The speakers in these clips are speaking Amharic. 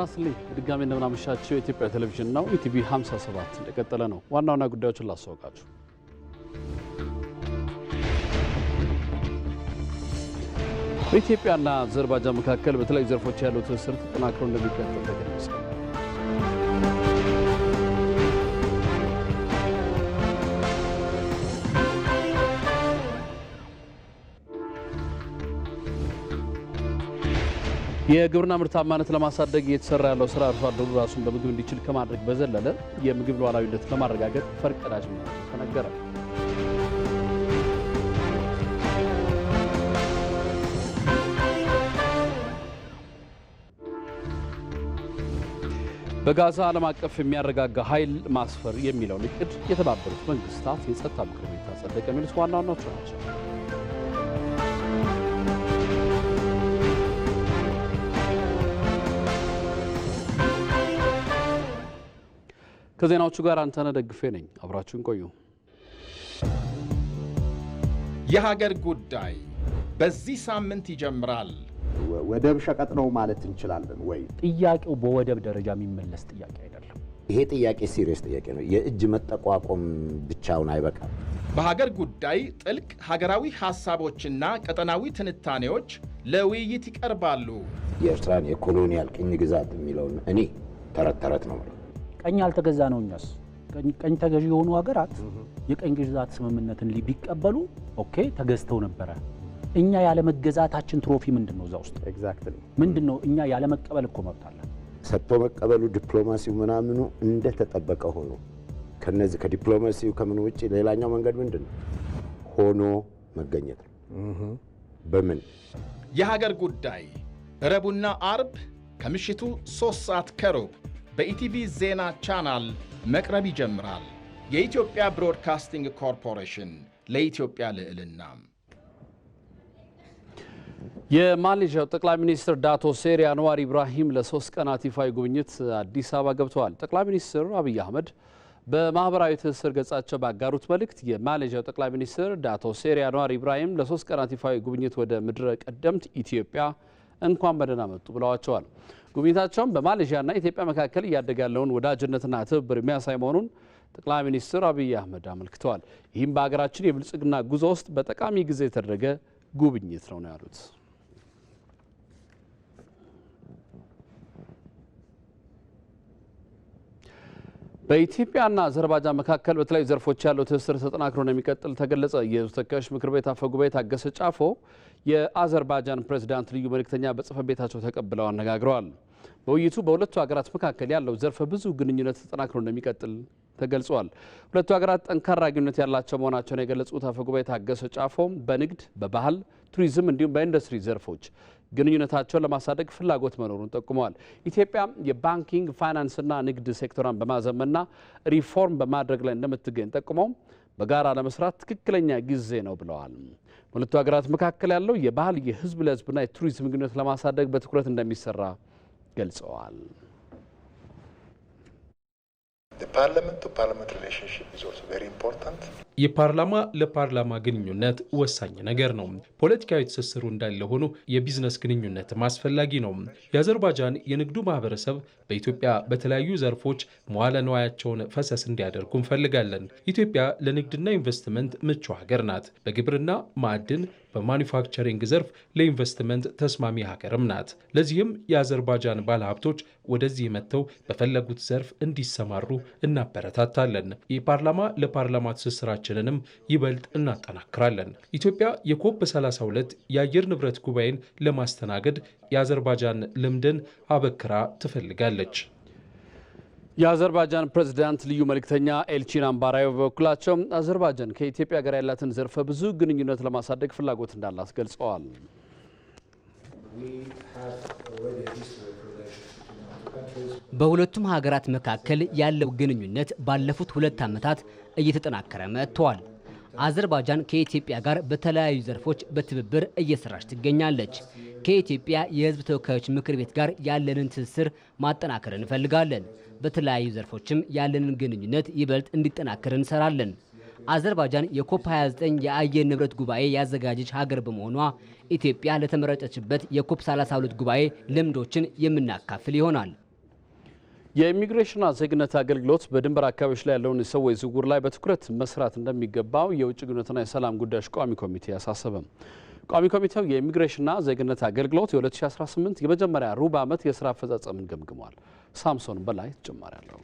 ጤና ይስጥልኝ በድጋሚ እንደምናመሻቸው የኢትዮጵያ ቴሌቪዥን ነው። ኢቲቪ 57 እንደቀጠለ ነው። ዋና ዋና ጉዳዮችን ላስታውቃችሁ። በኢትዮጵያና አዘርባጃን መካከል በተለያዩ ዘርፎች ያለው ትስስር ተጠናክሮ እንደሚቀጥል ተገለጸ። የግብርና ምርታማነት ለማሳደግ እየተሰራ ያለው ስራ አርሶ አደሩ ራሱን በምግብ እንዲችል ከማድረግ በዘለለ የምግብ ሉዓላዊነት ለማረጋገጥ ፈርቀዳጅ መሆኑ ተነገረ። በጋዛ ዓለም አቀፍ የሚያረጋጋ ኃይል ማስፈር የሚለውን እቅድ የተባበሩት መንግስታት የጸጥታ ምክር ቤት አጸደቀ። የሚሉት ዋና ዋናዎቹ ናቸው። ከዜናዎቹ ጋር አንተነህ ደግፌ ነኝ። አብራችሁን ቆዩ። የሀገር ጉዳይ በዚህ ሳምንት ይጀምራል። ወደብ ሸቀጥ ነው ማለት እንችላለን ወይ? ጥያቄው በወደብ ደረጃ የሚመለስ ጥያቄ አይደለም። ይሄ ጥያቄ ሲሪየስ ጥያቄ ነው። የእጅ መጠቋቆም ብቻውን አይበቃም። በሀገር ጉዳይ ጥልቅ ሀገራዊ ሀሳቦችና ቀጠናዊ ትንታኔዎች ለውይይት ይቀርባሉ። የኤርትራን የኮሎኒያል ቅኝ ግዛት የሚለውን እኔ ተረት ተረት ነው ቀኝ አልተገዛ ነው። እኛስ ቀኝ ተገዢ የሆኑ ሀገራት የቀኝ ግዛት ስምምነትን ቢቀበሉ ኦኬ ተገዝተው ነበረ። እኛ ያለመገዛታችን ትሮፊ ምንድን ነው? እዛ ውስጥ ምንድን ነው? እኛ ያለመቀበል እኮ መብት አለን። ሰጥቶ መቀበሉ ዲፕሎማሲው ምናምኑ እንደተጠበቀ ሆኖ ከነዚህ ከዲፕሎማሲው ከምን ውጭ ሌላኛው መንገድ ምንድን ነው? ሆኖ መገኘት ነው። በምን የሀገር ጉዳይ ረቡና አርብ ከምሽቱ ሶስት ሰዓት ከሩብ በኢቲቪ ዜና ቻናል መቅረብ ይጀምራል። የኢትዮጵያ ብሮድካስቲንግ ኮርፖሬሽን ለኢትዮጵያ ልዕልና። የማሌዥያው ጠቅላይ ሚኒስትር ዳቶ ሴሪ አንዋር ኢብራሂም ለሶስት ቀናት ይፋዊ ጉብኝት አዲስ አበባ ገብተዋል። ጠቅላይ ሚኒስትር አብይ አህመድ በማህበራዊ ትስስር ገጻቸው ባጋሩት መልእክት የማሌዥያው ጠቅላይ ሚኒስትር ዳቶ ሴሪ አንዋር ኢብራሂም ለሶስት ቀናት ይፋዊ ጉብኝት ወደ ምድረ ቀደምት ኢትዮጵያ እንኳን በደህና መጡ ብለዋቸዋል። ጉብኝታቸውም በማሌዥያና ኢትዮጵያ መካከል እያደገ ያለውን ወዳጅነትና ትብብር የሚያሳይ መሆኑን ጠቅላይ ሚኒስትር አብይ አህመድ አመልክተዋል። ይህም በሀገራችን የብልጽግና ጉዞ ውስጥ በጠቃሚ ጊዜ የተደረገ ጉብኝት ነው ነው ያሉት። በኢትዮጵያና አዘርባጃን መካከል በተለያዩ ዘርፎች ያለው ትስስር ተጠናክሮ እንደሚቀጥል ተገለጸ። የሕዝብ ተወካዮች ምክር ቤት አፈ ጉባኤ ታገሰ ጫፎ የአዘርባጃን ፕሬዚዳንት ልዩ መልእክተኛ በጽህፈት ቤታቸው ተቀብለው አነጋግረዋል። በውይይቱ በሁለቱ ሀገራት መካከል ያለው ዘርፈ ብዙ ግንኙነት ተጠናክሮ እንደሚቀጥል ተገልጿል። ሁለቱ ሀገራት ጠንካራ ግንኙነት ያላቸው መሆናቸውን የገለጹት አፈ ጉባኤ ታገሰ ጫፎ በንግድ፣ በባህል ቱሪዝም እንዲሁም በኢንዱስትሪ ዘርፎች ግንኙነታቸውን ለማሳደግ ፍላጎት መኖሩን ጠቁመዋል። ኢትዮጵያ የባንኪንግ ፋይናንስና ንግድ ሴክተሯን በማዘመንና ሪፎርም በማድረግ ላይ እንደምትገኝ ጠቁመው በጋራ ለመስራት ትክክለኛ ጊዜ ነው ብለዋል። በሁለቱ ሀገራት መካከል ያለው የባህል የህዝብ ለህዝብና የቱሪዝም ግንኙነት ለማሳደግ በትኩረት እንደሚሰራ ገልጸዋል። የፓርላማ ለፓርላማ ግንኙነት ወሳኝ ነገር ነው። ፖለቲካዊ ትስስሩ እንዳለ ሆኖ የቢዝነስ ግንኙነትም አስፈላጊ ነው። የአዘርባጃን የንግዱ ማህበረሰብ በኢትዮጵያ በተለያዩ ዘርፎች መዋለ ነዋያቸውን ፈሰስ እንዲያደርጉ እንፈልጋለን። ኢትዮጵያ ለንግድና ኢንቨስትመንት ምቹ ሀገር ናት። በግብርና፣ ማዕድን፣ በማኒፋክቸሪንግ ዘርፍ ለኢንቨስትመንት ተስማሚ ሀገርም ናት። ለዚህም የአዘርባጃን ባለሀብቶች ወደዚህ መጥተው በፈለጉት ዘርፍ እንዲሰማሩ እናበረታታለን። የፓርላማ ለፓርላማ ትስስራችንንም ይበልጥ እናጠናክራለን። ኢትዮጵያ የኮፕ 32 የአየር ንብረት ጉባኤን ለማስተናገድ የአዘርባጃን ልምድን አበክራ ትፈልጋለች። የአዘርባጃን ፕሬዝዳንት ልዩ መልእክተኛ ኤልቺን አምባራዊ በበኩላቸው አዘርባጃን ከኢትዮጵያ ጋር ያላትን ዘርፈ ብዙ ግንኙነት ለማሳደግ ፍላጎት እንዳላት ገልጸዋል። በሁለቱም ሀገራት መካከል ያለው ግንኙነት ባለፉት ሁለት ዓመታት እየተጠናከረ መጥተዋል። አዘርባጃን ከኢትዮጵያ ጋር በተለያዩ ዘርፎች በትብብር እየሰራች ትገኛለች። ከኢትዮጵያ የሕዝብ ተወካዮች ምክር ቤት ጋር ያለንን ትስስር ማጠናከር እንፈልጋለን። በተለያዩ ዘርፎችም ያለንን ግንኙነት ይበልጥ እንዲጠናከር እንሰራለን። አዘርባጃን የኮፕ 29 የአየር ንብረት ጉባኤ ያዘጋጀች ሀገር በመሆኗ ኢትዮጵያ ለተመረጠችበት የኮፕ 32 ጉባኤ ልምዶችን የምናካፍል ይሆናል። የኢሚግሬሽንና ዜግነት አገልግሎት በድንበር አካባቢዎች ላይ ያለውን የሰዎች ዝውውር ላይ በትኩረት መስራት እንደሚገባው የውጭ ግንኙነትና የሰላም ጉዳዮች ቋሚ ኮሚቴ አሳሰበም። ቋሚ ኮሚቴው የኢሚግሬሽንና ዜግነት አገልግሎት የ2018 የመጀመሪያ ሩብ ዓመት የስራ አፈጻጸምን ገምግሟል። ሳምሶን በላይ ተጨማሪ አለው።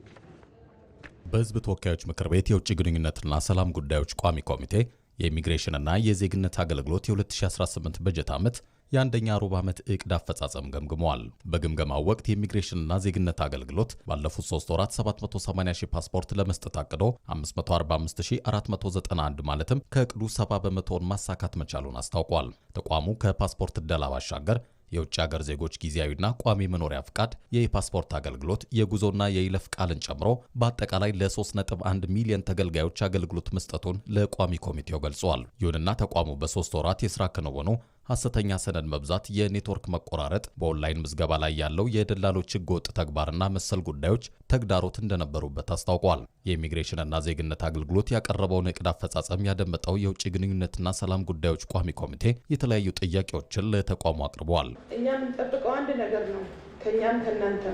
በህዝብ ተወካዮች ምክር ቤት የውጭ ግንኙነትና ሰላም ጉዳዮች ቋሚ ኮሚቴ የኢሚግሬሽንና የዜግነት አገልግሎት የ2018 በጀት ዓመት የአንደኛ ሩብ ዓመት እቅድ አፈጻጸም ገምግመዋል። በግምገማው ወቅት የኢሚግሬሽንና ዜግነት አገልግሎት ባለፉት 3 ወራት 780 ሺህ ፓስፖርት ለመስጠት አቅዶ 545491 ማለትም ከእቅዱ 70 በመቶውን ማሳካት መቻሉን አስታውቋል። ተቋሙ ከፓስፖርት እደላ ባሻገር የውጭ ሀገር ዜጎች ጊዜያዊና ቋሚ መኖሪያ ፍቃድ፣ የፓስፖርት አገልግሎት፣ የጉዞና የይለፍ ቃልን ጨምሮ በአጠቃላይ ለ3.1 ሚሊዮን ተገልጋዮች አገልግሎት መስጠቱን ለቋሚ ኮሚቴው ገልጿል። ይሁንና ተቋሙ በሶስት ወራት የስራ ክንውኑ ሐሰተኛ ሰነድ መብዛት፣ የኔትወርክ መቆራረጥ፣ በኦንላይን ምዝገባ ላይ ያለው የደላሎች ህገወጥ ተግባርና መሰል ጉዳዮች ተግዳሮት እንደነበሩበት አስታውቋል። የኢሚግሬሽንና ዜግነት አገልግሎት ያቀረበውን እቅድ አፈጻጸም ያደመጠው የውጭ ግንኙነትና ሰላም ጉዳዮች ቋሚ ኮሚቴ የተለያዩ ጥያቄዎችን ለተቋሙ አቅርበዋል። እኛ የምንጠብቀው አንድ ነገር ነው፣ ከእኛም ከእናንተ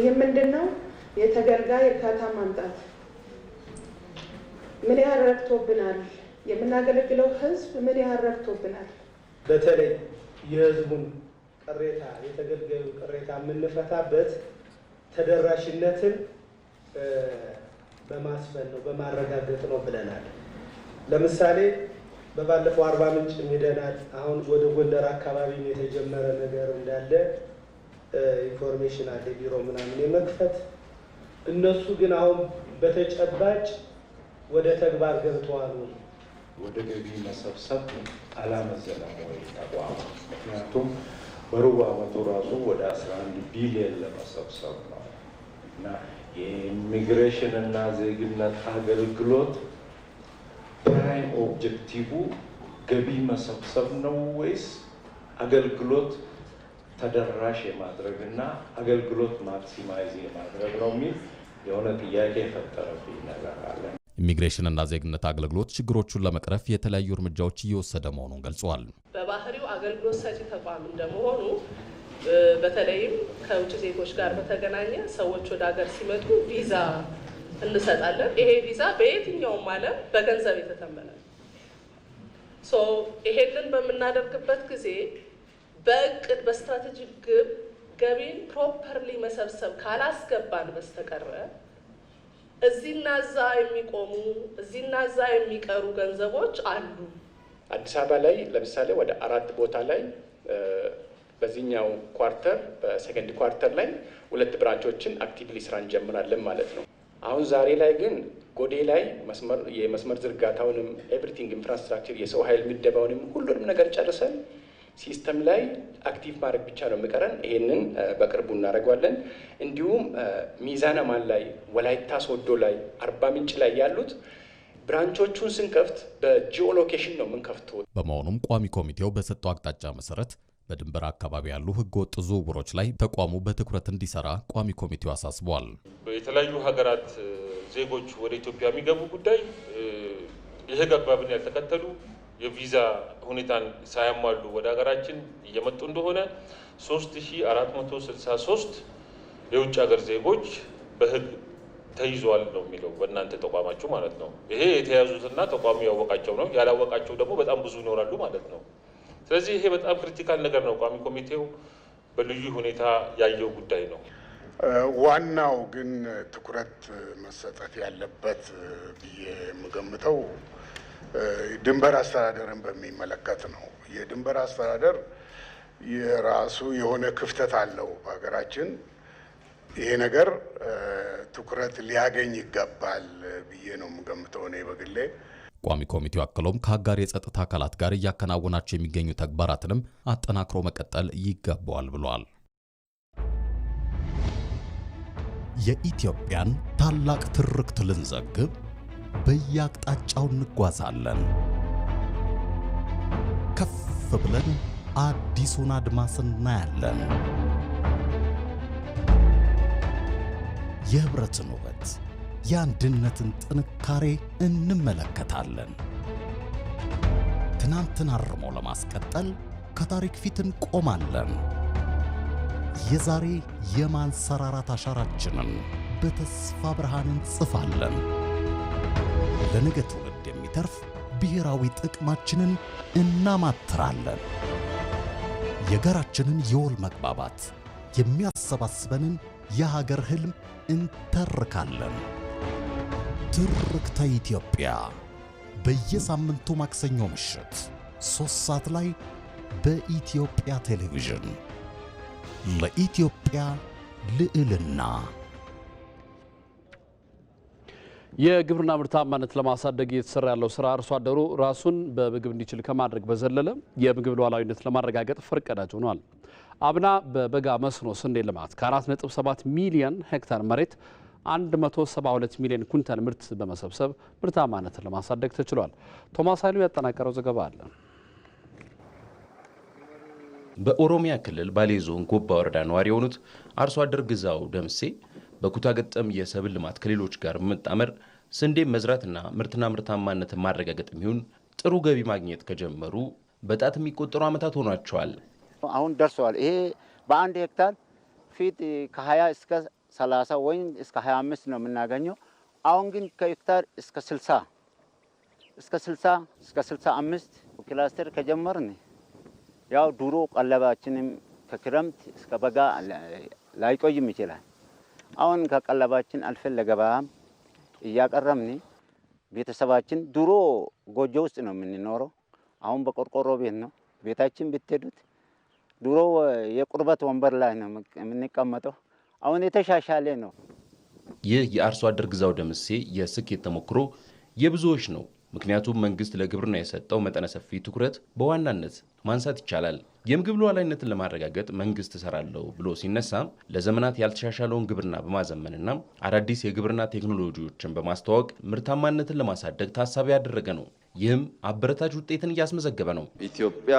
ይህ ምንድን ነው? የተገልጋይ እርካታ ማምጣት ምን ያህል ረክቶብናል? የምናገለግለው ህዝብ ምን ያህል ረክቶብናል? በተለይ የህዝቡን ቅሬታ የተገልጋዩን ቅሬታ የምንፈታበት ተደራሽነትን በማስፈን ነው በማረጋገጥ ነው ብለናል። ለምሳሌ በባለፈው አርባ ምንጭ ሄደናል። አሁን ወደ ጎንደር አካባቢ የተጀመረ ነገር እንዳለ ኢንፎርሜሽን አለ፣ ቢሮ ምናምን የመክፈት እነሱ ግን አሁን በተጨባጭ ወደ ተግባር ገብተዋል ወይ ወደ ገቢ መሰብሰብ አላመዘነም ወይ ተቋሙ? ምክንያቱም በሩብ ዓመቱ ራሱ ወደ 11 ቢሊዮን ለመሰብሰብ ነው እና የኢሚግሬሽን እና ዜግነት አገልግሎት ፕራይም ኦብጀክቲቭ ገቢ መሰብሰብ ነው ወይስ አገልግሎት ተደራሽ የማድረግ እና አገልግሎት ማክሲማይዝ የማድረግ ነው የሚል የሆነ ጥያቄ የፈጠረብኝ ነገር አለ። ኢሚግሬሽንና ዜግነት አገልግሎት ችግሮቹን ለመቅረፍ የተለያዩ እርምጃዎች እየወሰደ መሆኑን ገልጿል። በባህሪው አገልግሎት ሰጪ ተቋም እንደመሆኑ በተለይም ከውጭ ዜጎች ጋር በተገናኘ ሰዎች ወደ ሀገር ሲመጡ ቪዛ እንሰጣለን። ይሄ ቪዛ በየትኛውም ዓለም በገንዘብ የተተመነ ይሄንን በምናደርግበት ጊዜ በእቅድ በስትራቴጂክ ግብ ገቢን ፕሮፐርሊ መሰብሰብ ካላስገባን በስተቀረ እዚህና እዛ የሚቆሙ እዚህና እዛ የሚቀሩ ገንዘቦች አሉ። አዲስ አበባ ላይ ለምሳሌ ወደ አራት ቦታ ላይ በዚህኛው ኳርተር በሰከንድ ኳርተር ላይ ሁለት ብራንቾችን አክቲቭሊ ስራ እንጀምራለን ማለት ነው። አሁን ዛሬ ላይ ግን ጎዴ ላይ የመስመር ዝርጋታውንም ኤቭሪቲንግ ኢንፍራስትራክቸር፣ የሰው ኃይል ምደባውንም ሁሉንም ነገር ጨርሰን ሲስተም ላይ አክቲቭ ማድረግ ብቻ ነው የሚቀረን። ይህንን በቅርቡ እናደርገዋለን። እንዲሁም ሚዛን አማን ላይ፣ ወላይታ ሶዶ ላይ፣ አርባ ምንጭ ላይ ያሉት ብራንቾቹን ስንከፍት በጂኦ ሎኬሽን ነው የምንከፍተው። በመሆኑም ቋሚ ኮሚቴው በሰጠው አቅጣጫ መሰረት በድንበር አካባቢ ያሉ ህገወጥ ዝውውሮች ላይ ተቋሙ በትኩረት እንዲሰራ ቋሚ ኮሚቴው አሳስቧል። የተለያዩ ሀገራት ዜጎች ወደ ኢትዮጵያ የሚገቡ ጉዳይ የህግ አግባብን ያልተከተሉ የቪዛ ሁኔታን ሳያሟሉ ወደ ሀገራችን እየመጡ እንደሆነ 3463 የውጭ ሀገር ዜጎች በህግ ተይዘዋል ነው የሚለው በእናንተ ተቋማችሁ ማለት ነው። ይሄ የተያዙትና ተቋሙ ያወቃቸው ነው። ያላወቃቸው ደግሞ በጣም ብዙ ይኖራሉ ማለት ነው። ስለዚህ ይሄ በጣም ክሪቲካል ነገር ነው። ቋሚ ኮሚቴው በልዩ ሁኔታ ያየው ጉዳይ ነው። ዋናው ግን ትኩረት መሰጠት ያለበት ብዬ የምገምተው ድንበር አስተዳደርን በሚመለከት ነው። የድንበር አስተዳደር የራሱ የሆነ ክፍተት አለው በሀገራችን። ይሄ ነገር ትኩረት ሊያገኝ ይገባል ብዬ ነው የምገምተው እኔ በግሌ። ቋሚ ኮሚቴው አክሎም ከአጋር የጸጥታ አካላት ጋር እያከናወናቸው የሚገኙ ተግባራትንም አጠናክሮ መቀጠል ይገባዋል ብለዋል። የኢትዮጵያን ታላቅ ትርክት ልንዘግብ በየአቅጣጫው እንጓዛለን። ከፍ ብለን አዲሱን አድማስ እናያለን። የህብረትን ውበት፣ የአንድነትን ጥንካሬ እንመለከታለን። ትናንትን አርሞ ለማስቀጠል ከታሪክ ፊት እንቆማለን። የዛሬ የማንሰራራት አሻራችንን በተስፋ ብርሃን እንጽፋለን። ለነገ ትውልድ የሚተርፍ ብሔራዊ ጥቅማችንን እናማትራለን። የጋራችንን የወል መግባባት የሚያሰባስበንን የሀገር ህልም እንተርካለን። ትርክተ ኢትዮጵያ በየሳምንቱ ማክሰኞ ምሽት ሦስት ሰዓት ላይ በኢትዮጵያ ቴሌቪዥን ለኢትዮጵያ ልዕልና የግብርና ምርታማነት ለማሳደግ እየተሰራ ያለው ስራ አርሶ አደሩ ራሱን በምግብ እንዲችል ከማድረግ በዘለለ የምግብ ሉዓላዊነት ለማረጋገጥ ፈርቀዳጅ ሆኗል። አብና በበጋ መስኖ ስንዴ ልማት ከ4.7 ሚሊዮን ሄክታር መሬት 172 ሚሊዮን ኩንታል ምርት በመሰብሰብ ምርታማነትን ለማሳደግ ተችሏል። ቶማስ ኃይሉ ያጠናቀረው ዘገባ አለ። በኦሮሚያ ክልል ባሌ ዞን ጎባ ወረዳ ነዋሪ የሆኑት አርሶ አደር ግዛው ደምሴ በኩታ ገጠም የሰብል ልማት ከሌሎች ጋር መጣመር ስንዴ መዝራትና ምርትና ምርታማነት ማረጋገጥ የሚሆን ጥሩ ገቢ ማግኘት ከጀመሩ በጣት የሚቆጠሩ ዓመታት ሆኗቸዋል። አሁን ደርሰዋል። ይሄ በአንድ ሄክታር ፊት ከ20 እስከ 30 ወይም እስከ 25 ነው የምናገኘው። አሁን ግን ከሄክታር እስከ 60 እስከ 60 እስከ 65 ክላስተር ከጀመርን ያው ድሮ ቀለባችንም ከክረምት እስከ በጋ ላይቆይም ይችላል። አሁን ከቀለባችን አልፈን ለገበያም እያቀረብን ቤተሰባችን ድሮ ጎጆ ውስጥ ነው የምንኖረው። አሁን በቆርቆሮ ቤት ነው ቤታችን ብትሄዱት፣ ድሮ የቁርበት ወንበር ላይ ነው የምንቀመጠው። አሁን የተሻሻለ ነው። ይህ የአርሶ አደር ግዛው ደምሴ የስኬት ተሞክሮ የብዙዎች ነው። ምክንያቱም መንግስት ለግብርና የሰጠው መጠነ ሰፊ ትኩረት በዋናነት ማንሳት ይቻላል። የምግብ ሉዓላዊነትን ለማረጋገጥ መንግስት እሰራለሁ ብሎ ሲነሳ ለዘመናት ያልተሻሻለውን ግብርና በማዘመንና አዳዲስ የግብርና ቴክኖሎጂዎችን በማስተዋወቅ ምርታማነትን ለማሳደግ ታሳቢ ያደረገ ነው። ይህም አበረታች ውጤትን እያስመዘገበ ነው። ኢትዮጵያ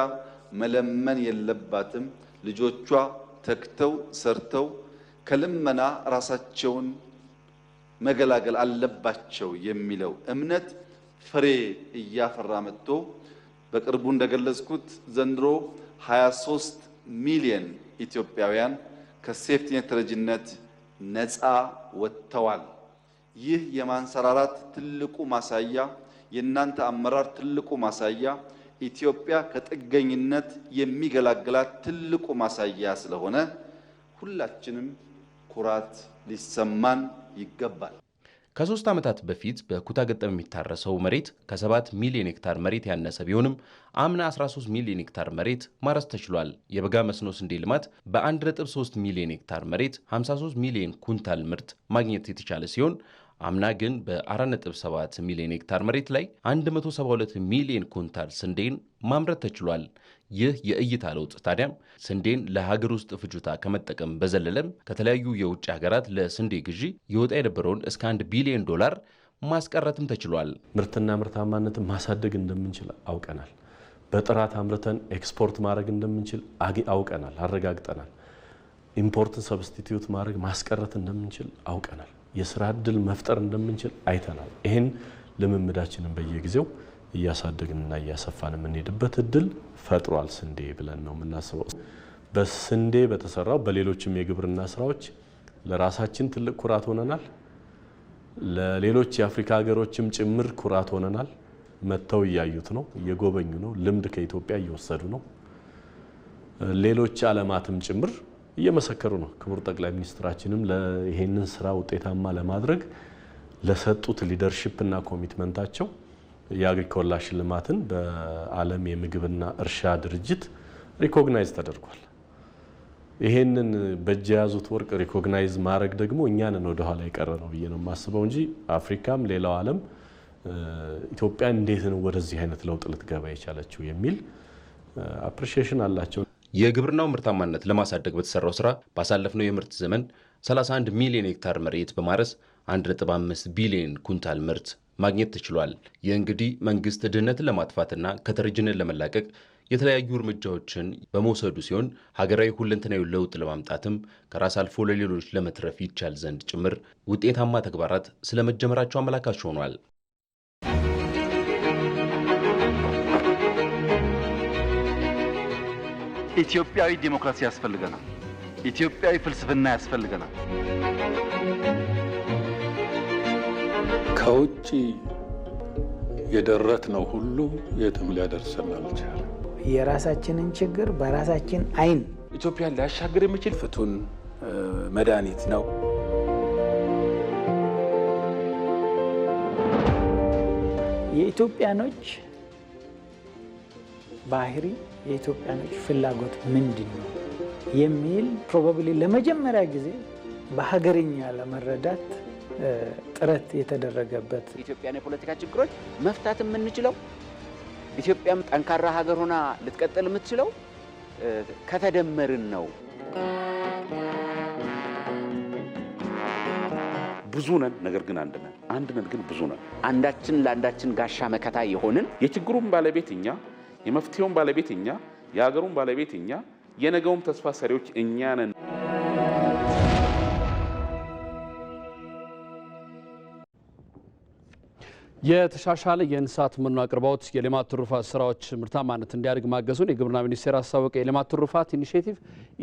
መለመን የለባትም። ልጆቿ ተክተው ሰርተው ከልመና ራሳቸውን መገላገል አለባቸው የሚለው እምነት ፍሬ እያፈራ መጥቶ በቅርቡ እንደገለጽኩት ዘንድሮ 23 ሚሊየን ኢትዮጵያውያን ከሴፍቲኔት ተረጅነት ነፃ ወጥተዋል። ይህ የማንሰራራት ትልቁ ማሳያ፣ የእናንተ አመራር ትልቁ ማሳያ፣ ኢትዮጵያ ከጥገኝነት የሚገላግላት ትልቁ ማሳያ ስለሆነ ሁላችንም ኩራት ሊሰማን ይገባል። ከሶስት ዓመታት በፊት በኩታ ገጠም የሚታረሰው መሬት ከ7 ሚሊዮን ሄክታር መሬት ያነሰ ቢሆንም አምና 13 ሚሊዮን ሄክታር መሬት ማረስ ተችሏል። የበጋ መስኖ ስንዴ ልማት በ1.3 ሚሊዮን ሄክታር መሬት 53 ሚሊዮን ኩንታል ምርት ማግኘት የተቻለ ሲሆን አምና ግን በ4.7 ሚሊዮን ሄክታር መሬት ላይ 172 ሚሊዮን ኩንታል ስንዴን ማምረት ተችሏል። ይህ የእይታ ለውጥ ታዲያም ስንዴን ለሀገር ውስጥ ፍጆታ ከመጠቀም በዘለለም ከተለያዩ የውጭ ሀገራት ለስንዴ ግዢ የወጣ የነበረውን እስከ 1 ቢሊዮን ዶላር ማስቀረትም ተችሏል። ምርትና ምርታማነትን ማሳደግ እንደምንችል አውቀናል። በጥራት አምርተን ኤክስፖርት ማድረግ እንደምንችል አውቀናል፣ አረጋግጠናል። ኢምፖርትን ሰብስቲትዩት ማድረግ ማስቀረት እንደምንችል አውቀናል። የስራ እድል መፍጠር እንደምንችል አይተናል። ይህን ልምምዳችንን በየጊዜው እያሳደግንና እያሰፋን የምንሄድበት እድል ፈጥሯል ስንዴ ብለን ነው የምናስበው። በስንዴ በተሰራው በሌሎችም የግብርና ስራዎች ለራሳችን ትልቅ ኩራት ሆነናል። ለሌሎች የአፍሪካ ሀገሮችም ጭምር ኩራት ሆነናል። መጥተው እያዩት ነው፣ እየጎበኙ ነው፣ ልምድ ከኢትዮጵያ እየወሰዱ ነው። ሌሎች ዓለማትም ጭምር እየመሰከሩ ነው። ክቡር ጠቅላይ ሚኒስትራችንም ይሄንን ስራ ውጤታማ ለማድረግ ለሰጡት ሊደርሽፕ እና ኮሚትመንታቸው የአግሪኮላ ሽልማትን በዓለም የምግብና እርሻ ድርጅት ሪኮግናይዝ ተደርጓል። ይሄንን በእጅ የያዙት ወርቅ ሪኮግናይዝ ማድረግ ደግሞ እኛንን ወደኋላ ኋላ የቀረ ነው ብዬ ነው የማስበው እንጂ አፍሪካም ሌላው ዓለም ኢትዮጵያ እንዴት ነው ወደዚህ አይነት ለውጥ ልትገባ የቻለችው የሚል አፕሪሺዬሽን አላቸው። የግብርናው ምርታማነት ለማሳደግ በተሰራው ስራ ባሳለፍነው የምርት ዘመን 31 ሚሊዮን ሄክታር መሬት በማረስ 1.5 ቢሊዮን ኩንታል ምርት ማግኘት ተችሏል። ይህ እንግዲህ መንግስት ድህነትን ለማጥፋትና ከተረጅነት ለመላቀቅ የተለያዩ እርምጃዎችን በመውሰዱ ሲሆን ሀገራዊ ሁለንተናዊ ለውጥ ለማምጣትም ከራስ አልፎ ለሌሎች ለመትረፍ ይቻል ዘንድ ጭምር ውጤታማ ተግባራት ስለመጀመራቸው አመላካች ሆኗል። ኢትዮጵያዊ ዲሞክራሲ ያስፈልገናል። ኢትዮጵያዊ ፍልስፍና ያስፈልገናል። ከውጭ የደረት ነው ሁሉ የትም ሊያደርሰን አልቻለም። የራሳችንን ችግር በራሳችን አይን ኢትዮጵያን ሊያሻግር የሚችል ፍቱን መድኃኒት ነው። የኢትዮጵያኖች ባህሪ የኢትዮጵያኖች ፍላጎት ምንድን ነው የሚል ፕሮባብሊ ለመጀመሪያ ጊዜ በሀገርኛ ለመረዳት ጥረት የተደረገበት የኢትዮጵያን የፖለቲካ ችግሮች መፍታት የምንችለው ኢትዮጵያም ጠንካራ ሀገር ሆና ልትቀጥል የምትችለው ከተደመርን ነው። ብዙ ነን፣ ነገር ግን አንድ ነን። አንድ ነን፣ ግን ብዙ ነን። አንዳችን ለአንዳችን ጋሻ መከታ የሆንን የችግሩም ባለቤት እኛ የመፍትሄውን ባለቤት እኛ፣ የሀገሩን ባለቤት እኛ፣ የነገውም ተስፋ ሰሪዎች እኛ ነን። የተሻሻለ የእንስሳት መኖ አቅርቦት የሌማት ትሩፋት ስራዎች ምርታማነት እንዲያድግ ማገዙን የግብርና ሚኒስቴር አስታወቀ። የሌማት ትሩፋት ኢኒሽቲቭ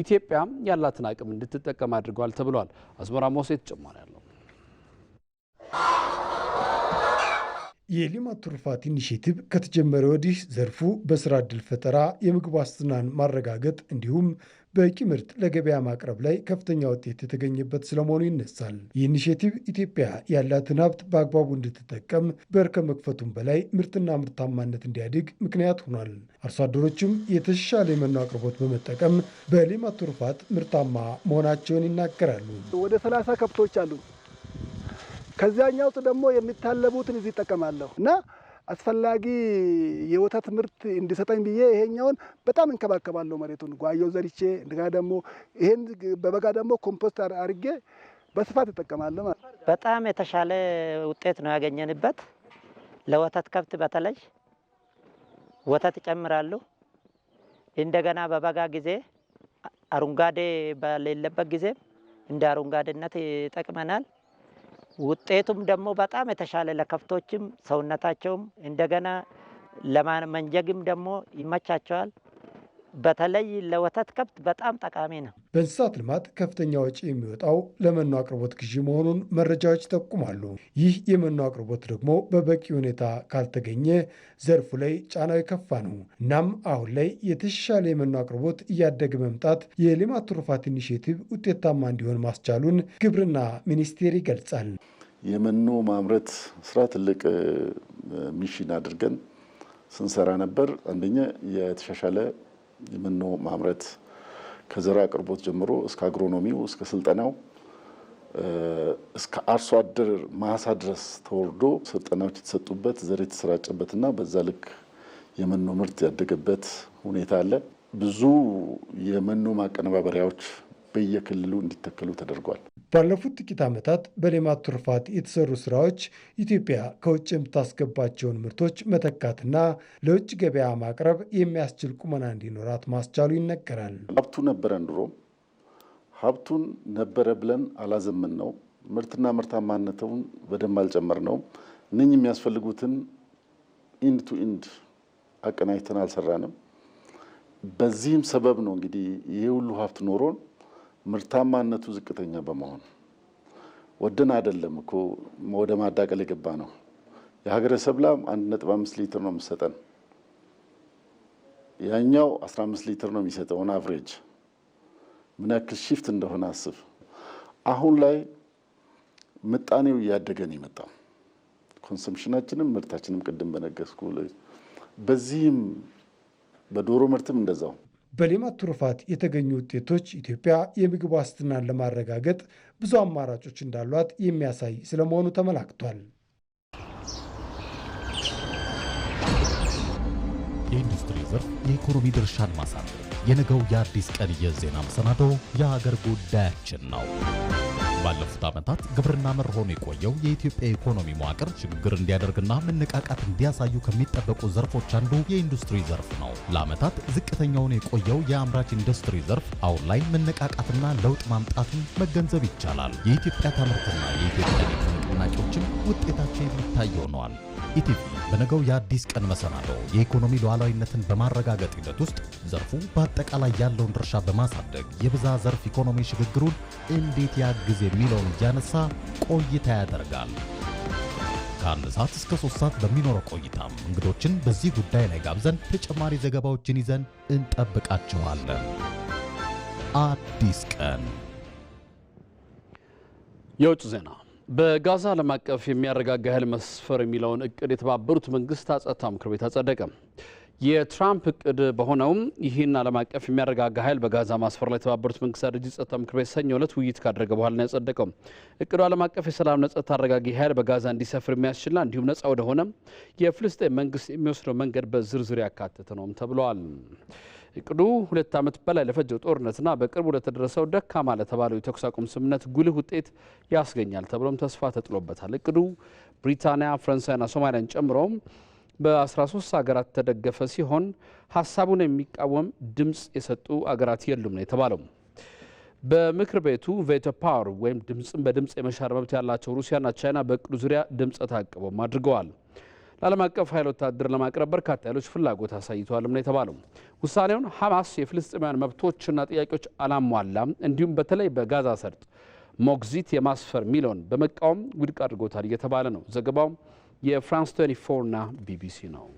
ኢትዮጵያም ያላትን አቅም እንድትጠቀም አድርገዋል ተብሏል። አዝመራ ሞሴ ተጨማሪ ያለው የሌማት ትሩፋት ኢኒሽቲቭ ከተጀመረ ወዲህ ዘርፉ በስራ ዕድል ፈጠራ፣ የምግብ ዋስትናን ማረጋገጥ እንዲሁም በቂ ምርት ለገበያ ማቅረብ ላይ ከፍተኛ ውጤት የተገኘበት ስለመሆኑ ይነሳል። ይህ ኢኒሽቲቭ ኢትዮጵያ ያላትን ሀብት በአግባቡ እንድትጠቀም በር ከመክፈቱም በላይ ምርትና ምርታማነት እንዲያድግ ምክንያት ሆኗል። አርሶ አደሮችም የተሻለ የመኖ አቅርቦት በመጠቀም በሌማት ትሩፋት ምርታማ መሆናቸውን ይናገራሉ። ወደ ሰላሳ ከብቶች አሉ ከዚያኛው ውስጥ ደግሞ የሚታለቡትን እዚህ ይጠቀማለሁ እና አስፈላጊ የወተት ምርት እንዲሰጠኝ ብዬ ይሄኛውን በጣም እንከባከባለሁ። መሬቱን ጓዮ ዘርቼ እንደገና ደግሞ ይሄን በበጋ ደግሞ ኮምፖስት አድርጌ በስፋት ይጠቀማለሁ ማለት ነው። በጣም የተሻለ ውጤት ነው ያገኘንበት። ለወተት ከብት በተለይ ወተት ይጨምራሉ። እንደገና በበጋ ጊዜ አረንጓዴ በሌለበት ጊዜ እንደ አረንጓዴነት ይጠቅመናል። ውጤቱም ደግሞ በጣም የተሻለ ለከብቶችም ሰውነታቸውም እንደገና ለማመንጀግም ደግሞ ይመቻቸዋል። በተለይ ለወተት ከብት በጣም ጠቃሚ ነው። በእንስሳት ልማት ከፍተኛ ወጪ የሚወጣው ለመኖ አቅርቦት ግዢ መሆኑን መረጃዎች ይጠቁማሉ። ይህ የመኖ አቅርቦት ደግሞ በበቂ ሁኔታ ካልተገኘ ዘርፉ ላይ ጫናው የከፋ ነው። እናም አሁን ላይ የተሻለ የመኖ አቅርቦት እያደገ መምጣት የልማት ትሩፋት ኢኒሽቲቭ ውጤታማ እንዲሆን ማስቻሉን ግብርና ሚኒስቴር ይገልጻል። የመኖ ማምረት ስራ ትልቅ ሚሽን አድርገን ስንሰራ ነበር። አንደኛ የተሻሻለ የመኖ ማምረት ከዘራ አቅርቦት ጀምሮ እስከ አግሮኖሚው እስከ ስልጠናው እስከ አርሶ አደር ማሳ ድረስ ተወርዶ ስልጠናዎች የተሰጡበት ዘር የተሰራጨበትና በዛ ልክ የመኖ ምርት ያደገበት ሁኔታ አለ። ብዙ የመኖ ማቀነባበሪያዎች በየክልሉ እንዲተከሉ ተደርጓል። ባለፉት ጥቂት ዓመታት በሌማት ትሩፋት የተሰሩ ስራዎች ኢትዮጵያ ከውጭ የምታስገባቸውን ምርቶች መተካትና ለውጭ ገበያ ማቅረብ የሚያስችል ቁመና እንዲኖራት ማስቻሉ ይነገራል። ሀብቱ ነበረን፣ ኑሮ ሀብቱን ነበረ ብለን አላዘምን ነው። ምርትና ምርታማነቱን በደንብ አልጨመር ነው። እነኝህ የሚያስፈልጉትን ኢንድ ቱ ኢንድ አቀናጅተን አልሰራንም። በዚህም ሰበብ ነው እንግዲህ ይህ ሁሉ ሀብት ኖሮን ምርታማነቱ ዝቅተኛ በመሆኑ ወደን አይደለም እኮ ወደ ማዳቀል የገባ ነው። የሀገረ ሰብላም አንድ ነጥብ አምስት ሊትር ነው የምሰጠን፣ ያኛው 15 ሊትር ነው የሚሰጠውን አቨሬጅ። ምን ያክል ሺፍት እንደሆነ አስብ። አሁን ላይ ምጣኔው እያደገ ነው የመጣው። ኮንሰምፕሽናችንም ምርታችንም ቅድም በነገስኩ በዚህም በዶሮ ምርትም እንደዛው በሌማት ትሩፋት የተገኙ ውጤቶች ኢትዮጵያ የምግብ ዋስትናን ለማረጋገጥ ብዙ አማራጮች እንዳሏት የሚያሳይ ስለመሆኑ ተመላክቷል። የኢንዱስትሪ ዘርፍ የኢኮኖሚ ድርሻን ማሳደግ የነገው የአዲስ ቀን የዜና መሰናዶ የሀገር ጉዳያችን ነው። ባለፉት ዓመታት ግብርና መር ሆኖ የቆየው የኢትዮጵያ ኢኮኖሚ መዋቅር ሽግግር እንዲያደርግና መነቃቃት እንዲያሳዩ ከሚጠበቁ ዘርፎች አንዱ የኢንዱስትሪ ዘርፍ ነው። ለዓመታት ዝቅተኛውን የቆየው የአምራች ኢንዱስትሪ ዘርፍ አሁን ላይ መነቃቃትና ለውጥ ማምጣቱን መገንዘብ ይቻላል። የኢትዮጵያ ታምርትና የኢትዮጵያ ንቅናቄዎችም ውጤታቸው የሚታይ ሆነዋል። ኢቲቪ በነገው የአዲስ ቀን መሰናዶ የኢኮኖሚ ሉዓላዊነትን በማረጋገጥ ሂደት ውስጥ ዘርፉ በአጠቃላይ ያለውን ድርሻ በማሳደግ የብዛ ዘርፍ ኢኮኖሚ ሽግግሩን እንዴት ያግዝ የሚለውን እያነሳ ቆይታ ያደርጋል። ከአንድ ሰዓት እስከ ሶስት ሰዓት በሚኖረው ቆይታም እንግዶችን በዚህ ጉዳይ ላይ ጋብዘን ተጨማሪ ዘገባዎችን ይዘን እንጠብቃቸዋለን። አዲስ ቀን የውጭ ዜና በጋዛ ዓለም አቀፍ የሚያረጋጋ ኃይል መስፈር የሚለውን እቅድ የተባበሩት መንግስታት ጸጥታ ምክር ቤት አጸደቀ። የትራምፕ እቅድ በሆነውም ይህን ዓለም አቀፍ የሚያረጋጋ ኃይል በጋዛ ማስፈር ላይ የተባበሩት መንግስታት ድርጅት ጸጥታ ምክር ቤት ሰኞ ዕለት ውይይት ካደረገ በኋላ ነው ያጸደቀው። እቅዱ ዓለም አቀፍ የሰላም ጸጥታ አረጋጊ ኃይል በጋዛ እንዲሰፍር የሚያስችልና እንዲሁም ነጻ ወደሆነ የፍልስጤን መንግስት የሚወስደው መንገድ በዝርዝር ያካተተ ነውም ተብለዋል። እቅዱ ሁለት ዓመት በላይ ለፈጀው ጦርነትና በቅርቡ ለተደረሰው ደካማ ለተባለው የተኩስ አቁም ስምምነት ጉልህ ውጤት ያስገኛል ተብሎም ተስፋ ተጥሎበታል። እቅዱ ብሪታንያ፣ ፈረንሳይና ሶማሊያን ጨምሮም በ13 ሀገራት ተደገፈ ሲሆን ሀሳቡን የሚቃወም ድምፅ የሰጡ አገራት የሉም ነው የተባለው። በምክር ቤቱ ቬቶ ፓወር ወይም ድምፅን በድምፅ የመሻር መብት ያላቸው ሩሲያና ቻይና በእቅዱ ዙሪያ ድምፅ ታቅቦም አድርገዋል። ለዓለም አቀፍ ኃይል ወታደር ለማቅረብ በርካታ ኃይሎች ፍላጎት አሳይተዋልም ነው የተባለው። ውሳኔውን ሐማስ የፍልስጤማውያን መብቶችና ጥያቄዎች አላሟላም፣ እንዲሁም በተለይ በጋዛ ሰርጥ ሞግዚት የማስፈር ሚለውን በመቃወም ውድቅ አድርጎታል እየተባለ ነው። ዘገባው የፍራንስ 24 እና ቢቢሲ ነው።